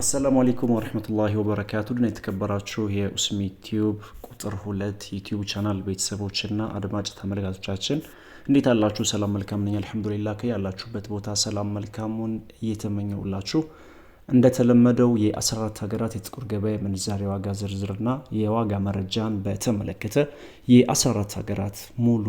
አሰላሙ አለይኩም ወረህመቱላሂ ወበረካቱ ድና የተከበራችሁ የኡስሚ ቲዩብ ቁጥር ሁለት ዩቲዩብ ቻናል ቤተሰቦችና አድማጭ ተመልካቾቻችን እንዴት አላችሁ? ሰላም መልካም ነኝ፣ አልሐምዱሊላ። ያላችሁበት ቦታ ሰላም መልካሙን እየተመኘውላችሁ እንደተለመደው የ14 ሀገራት የጥቁር ገበያ ምንዛሬ ዋጋ ዝርዝርና የዋጋ መረጃን በተመለከተ የ14 ሀገራት ሙሉ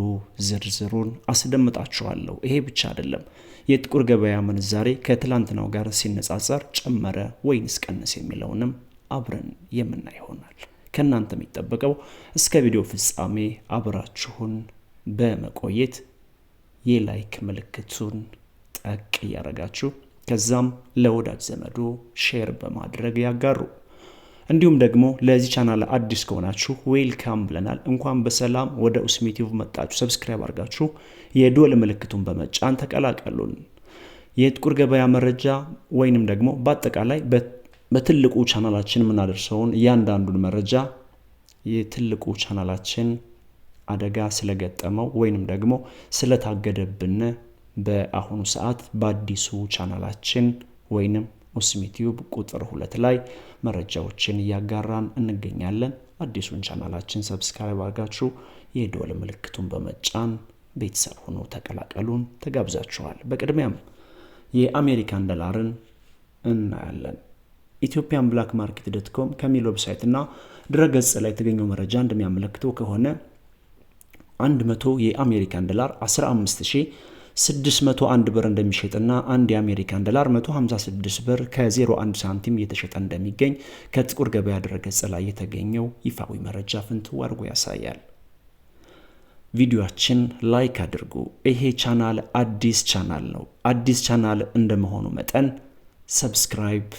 ዝርዝሩን አስደምጣችኋለሁ። ይሄ ብቻ አይደለም፣ የጥቁር ገበያ ምንዛሬ ከትላንትናው ጋር ሲነጻጸር ጨመረ ወይንስ ቀነስ የሚለውንም አብረን የምናይ ይሆናል። ከእናንተ የሚጠበቀው እስከ ቪዲዮ ፍጻሜ አብራችሁን በመቆየት የላይክ ምልክቱን ጠቅ እያረጋችሁ ከዛም ለወዳጅ ዘመዶ ሼር በማድረግ ያጋሩ። እንዲሁም ደግሞ ለዚህ ቻናል አዲስ ከሆናችሁ ዌልካም ብለናል። እንኳን በሰላም ወደ ኡስሚ መጣችሁ። ሰብስክራይብ አድርጋችሁ የዶል ምልክቱን በመጫን ተቀላቀሉን። የጥቁር ገበያ መረጃ ወይንም ደግሞ በአጠቃላይ በትልቁ ቻናላችን የምናደርሰውን እያንዳንዱን መረጃ የትልቁ ቻናላችን አደጋ ስለገጠመው ወይንም ደግሞ ስለታገደብን በአሁኑ ሰዓት በአዲሱ ቻናላችን ወይንም ኡስሚ ቁጥር ሁለት ላይ መረጃዎችን እያጋራን እንገኛለን። አዲሱን ቻናላችን ሰብስክራይብ አድርጋችሁ የደወል ምልክቱን በመጫን ቤተሰብ ሆኖ ተቀላቀሉን ተጋብዛችኋል። በቅድሚያም የአሜሪካን ዶላርን እናያለን። ኢትዮጵያን ብላክ ማርኬት ዶት ኮም ከሚል ዌብሳይት እና ድረገጽ ላይ የተገኘው መረጃ እንደሚያመለክተው ከሆነ 100 የአሜሪካን ዶላር 15 601 ብር እንደሚሸጥና አንድ የአሜሪካን ዶላር 156 ብር ከ01 ሳንቲም እየተሸጠ እንደሚገኝ ከጥቁር ገበያ ድረገጽ ላይ የተገኘው ይፋዊ መረጃ ፍንትው አድርጎ ያሳያል። ቪዲዮችን ላይክ አድርጉ። ይሄ ቻናል አዲስ ቻናል ነው። አዲስ ቻናል እንደመሆኑ መጠን ሰብስክራይብ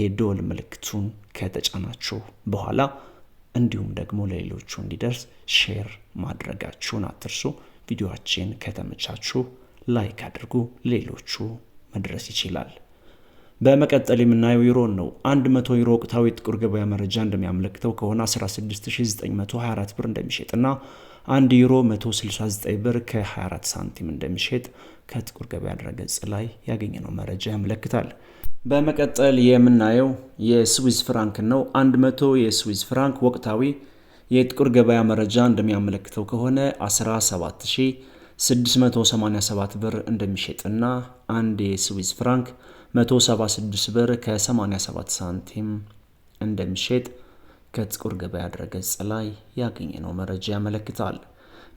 የዶል ምልክቱን ከተጫናችሁ በኋላ እንዲሁም ደግሞ ለሌሎቹ እንዲደርስ ሼር ማድረጋችሁን አትርሱ። ቪዲዮአችን ከተመቻችሁ ላይክ አድርጉ፣ ሌሎቹ መድረስ ይችላል። በመቀጠል የምናየው ዩሮን ነው። 100 ዩሮ ወቅታዊ ጥቁር ገበያ መረጃ እንደሚያመለክተው ከሆነ 16924 ብር እንደሚሸጥና 1 ዩሮ 169 ብር ከ24 ሳንቲም እንደሚሸጥ ከጥቁር ገበያ ድረገጽ ላይ ያገኘነው መረጃ ያመለክታል። በመቀጠል የምናየው የስዊዝ ፍራንክ ነው። 100 የስዊዝ ፍራንክ ወቅታዊ የጥቁር ገበያ መረጃ እንደሚያመለክተው ከሆነ 17687 ብር እንደሚሸጥና አንድ የስዊዝ ፍራንክ 176 ብር ከ87 ሳንቲም እንደሚሸጥ ከጥቁር ገበያ ድረገጽ ላይ ያገኘነው መረጃ ያመለክታል።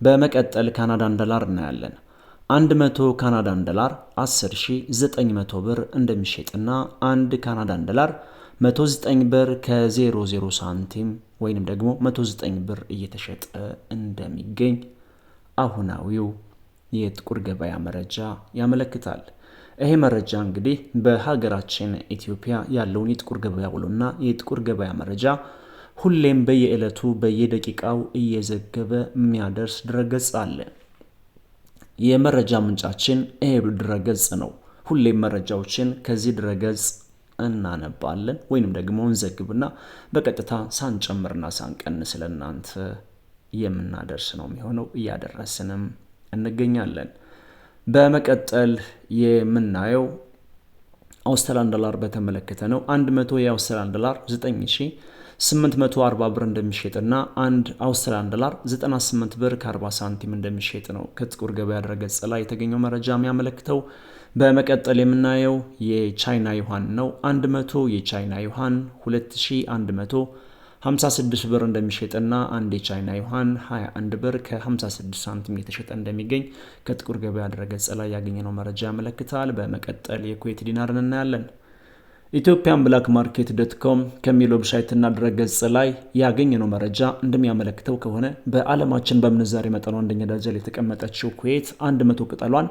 በመቀጠል ካናዳን ዶላር እናያለን። 100 ካናዳን ዶላር 10900 ብር እንደሚሸጥና አንድ ካናዳን ዶላር 109 ብር ከ00 ሳንቲም ወይንም ደግሞ 109 ብር እየተሸጠ እንደሚገኝ አሁናዊው የጥቁር ገበያ መረጃ ያመለክታል። ይሄ መረጃ እንግዲህ በሀገራችን ኢትዮጵያ ያለውን የጥቁር ገበያ ውሎና የጥቁር ገበያ መረጃ ሁሌም በየዕለቱ በየደቂቃው እየዘገበ የሚያደርስ ድረገጽ አለ። የመረጃ ምንጫችን ይሄ ድረገጽ ነው። ሁሌም መረጃዎችን ከዚህ ድረገጽ እናነባለን ወይንም ደግሞ እንዘግብና በቀጥታ ሳንጨምርና ሳንቀንስ ለእናንተ የምናደርስ ነው የሚሆነው። እያደረስንም እንገኛለን። በመቀጠል የምናየው አውስትራሊያን ዶላር በተመለከተ ነው። 100 የአውስትራሊያን ዶላር 9840 ብር እንደሚሸጥና አንድ አውስትራሊያን ዶላር 98 ብር ከ40 ሳንቲም እንደሚሸጥ ነው ከጥቁር ገበያ ድረገጽ ላይ የተገኘው መረጃ የሚያመለክተው። በመቀጠል የምናየው የቻይና ዩሃን ነው። 100 የቻይና ዩሃን 2156 ብር እንደሚሸጥና አንድ የቻይና ዩሃን 21 ብር ከ56 ሳንቲም የተሸጠ እንደሚገኝ ከጥቁር ገበያ ድረገጽ ላይ ያገኘነው መረጃ ያመለክታል። በመቀጠል የኩዌት ዲናርን እናያለን። ኢትዮጵያን ብላክ ማርኬት ዶት ኮም ከሚል ዌብሳይትና ድረገጽ ላይ ያገኘነው መረጃ እንደሚያመለክተው ከሆነ በዓለማችን በምንዛሬ መጠኗ አንደኛ ደረጃ ላይ የተቀመጠችው ኩዌት 100 ቅጠሏን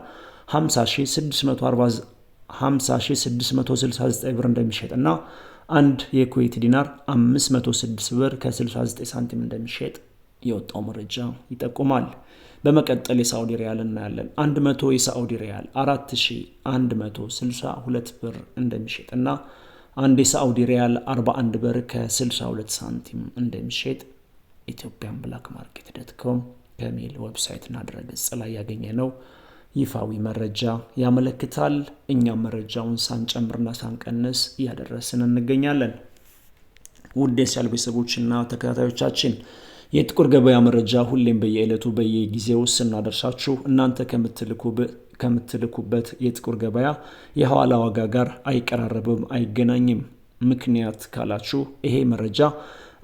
50669 ብር እንደሚሸጥና አንድ የኩዌት ዲናር 506 ብር ከ69 ሳንቲም እንደሚሸጥ የወጣው መረጃ ይጠቁማል። በመቀጠል የሳዑዲ ሪያል እናያለን። 100 የሳዑዲ ሪያል 4162 ብር እንደሚሸጥና አንድ የሳዑዲ ሪያል 41 ብር ከ62 ሳንቲም እንደሚሸጥ ኢትዮጵያን ብላክ ማርኬት ዶት ኮም ከሚል ዌብሳይትና ድረገጽ ላይ ያገኘ ነው። ይፋዊ መረጃ ያመለክታል። እኛም መረጃውን ሳንጨምርና ሳንቀንስ እያደረስን እንገኛለን። ውድ የሲያል ቤተሰቦችና ተከታታዮቻችን የጥቁር ገበያ መረጃ ሁሌም በየዕለቱ በየጊዜው ስናደርሳችሁ እናንተ ከምትልኩበት የጥቁር ገበያ የሐዋላ ዋጋ ጋር አይቀራረብም፣ አይገናኝም። ምክንያት ካላችሁ ይሄ መረጃ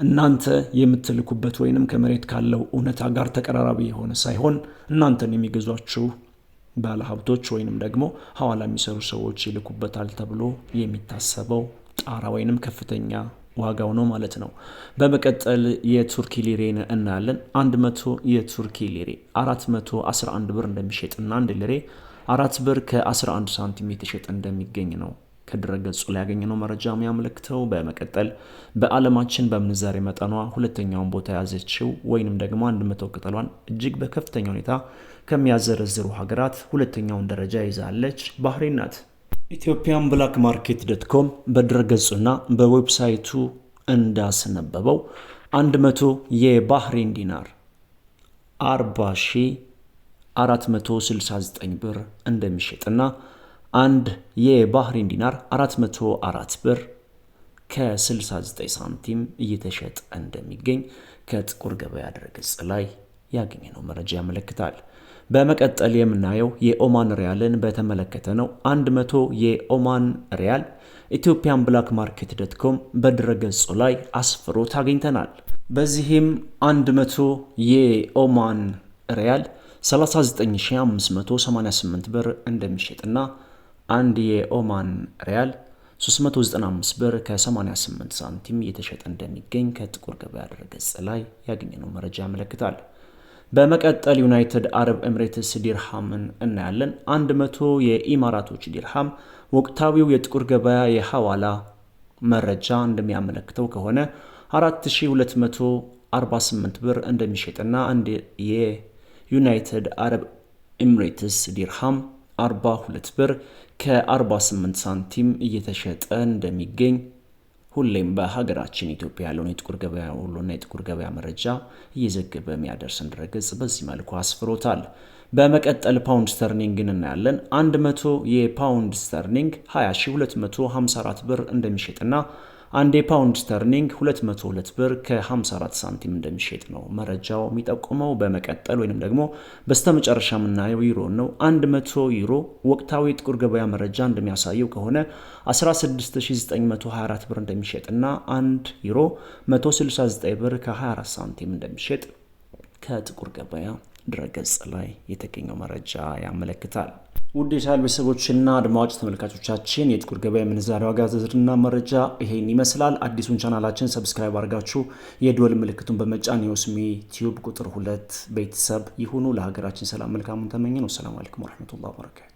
እናንተ የምትልኩበት ወይንም ከመሬት ካለው እውነታ ጋር ተቀራራቢ የሆነ ሳይሆን እናንተን የሚገዟችሁ ባለሀብቶች ወይንም ደግሞ ሀዋላ የሚሰሩ ሰዎች ይልኩበታል ተብሎ የሚታሰበው ጣራ ወይንም ከፍተኛ ዋጋው ነው ማለት ነው። በመቀጠል የቱርኪ ሊሬን እናያለን። 100 የቱርኪ ሊሬ 411 ብር እንደሚሸጥና አንድ ሊሬ አራት ብር ከ11 ሳንቲም የተሸጠ እንደሚገኝ ነው ከድረገጹ ላይ ያገኘነው መረጃ የሚያመለክተው። በመቀጠል በዓለማችን በምንዛሬ መጠኗ ሁለተኛውን ቦታ የያዘችው ወይንም ደግሞ አንድ መቶ ቅጠሏን እጅግ በከፍተኛ ሁኔታ ከሚያዘረዝሩ ሀገራት ሁለተኛውን ደረጃ ይዛለች ባህሬን ናት። ኢትዮጵያን ብላክ ማርኬት ዶት ኮም በድረገጹና በዌብሳይቱ እንዳስነበበው 100 የባህሬን ዲናር 40,469 ብር እንደሚሸጥና አንድ የባህሪን ዲናር 404 ብር ከ69 ሳንቲም እየተሸጠ እንደሚገኝ ከጥቁር ገበያ ድረገጽ ላይ ያገኘነው መረጃ ያመለክታል። በመቀጠል የምናየው የኦማን ሪያልን በተመለከተ ነው። 100 የኦማን ሪያል ኢትዮጵያን ብላክ ማርኬት ዶት ኮም በድረገጹ ላይ አስፍሮ ታገኝተናል። በዚህም 100 የኦማን ሪያል 39588 ብር እንደሚሸጥና አንድ የኦማን ሪያል 395 ብር ከ88 ሳንቲም እየተሸጠ እንደሚገኝ ከጥቁር ገበያ ድረገጽ ላይ ያገኘነው መረጃ ያመለክታል። በመቀጠል ዩናይትድ አረብ ኤምሬትስ ዲርሃምን እናያለን። 100 የኢማራቶች ዲርሃም ወቅታዊው የጥቁር ገበያ የሐዋላ መረጃ እንደሚያመለክተው ከሆነ 4248 ብር እንደሚሸጥና አንድ የዩናይትድ አረብ ኤምሬትስ ዲርሃም 42 ብር ከ48 ሳንቲም እየተሸጠ እንደሚገኝ ሁሌም በሀገራችን ኢትዮጵያ ያለውን የጥቁር ገበያ ውሎና የጥቁር ገበያ መረጃ እየዘገበ የሚያደርሰን ድረገጽ በዚህ መልኩ አስፍሮታል። በመቀጠል ፓውንድ ስተርሊንግን እናያለን። 100 የፓውንድ ስተርሊንግ 20254 ብር እንደሚሸጥና አንድ የፓውንድ ስተርሊንግ 202 ብር ከ54 ሳንቲም እንደሚሸጥ ነው መረጃው የሚጠቁመው። በመቀጠል ወይንም ደግሞ በስተመጨረሻ የምናየው ዩሮ ነው። 100 ዩሮ ወቅታዊ ጥቁር ገበያ መረጃ እንደሚያሳየው ከሆነ 16924 ብር እንደሚሸጥና 1 ዩሮ 169 ብር ከ24 ሳንቲም እንደሚሸጥ ከጥቁር ገበያ ድረገጽ ላይ የተገኘው መረጃ ያመለክታል። ውድ የቻናል ቤተሰቦችና አድማጭ ተመልካቾቻችን የጥቁር ገበያ የምንዛሬ ዋጋ ዝርዝርና መረጃ ይሄን ይመስላል። አዲሱን ቻናላችን ሰብስክራይብ አድርጋችሁ የደወል ምልክቱን በመጫን የወስሜ ቲዩብ ቁጥር ሁለት ቤተሰብ ይሁኑ። ለሀገራችን ሰላም መልካሙን ተመኘን። ወሰላሙ አለይኩም ወረህመቱላሂ ወበረካቱ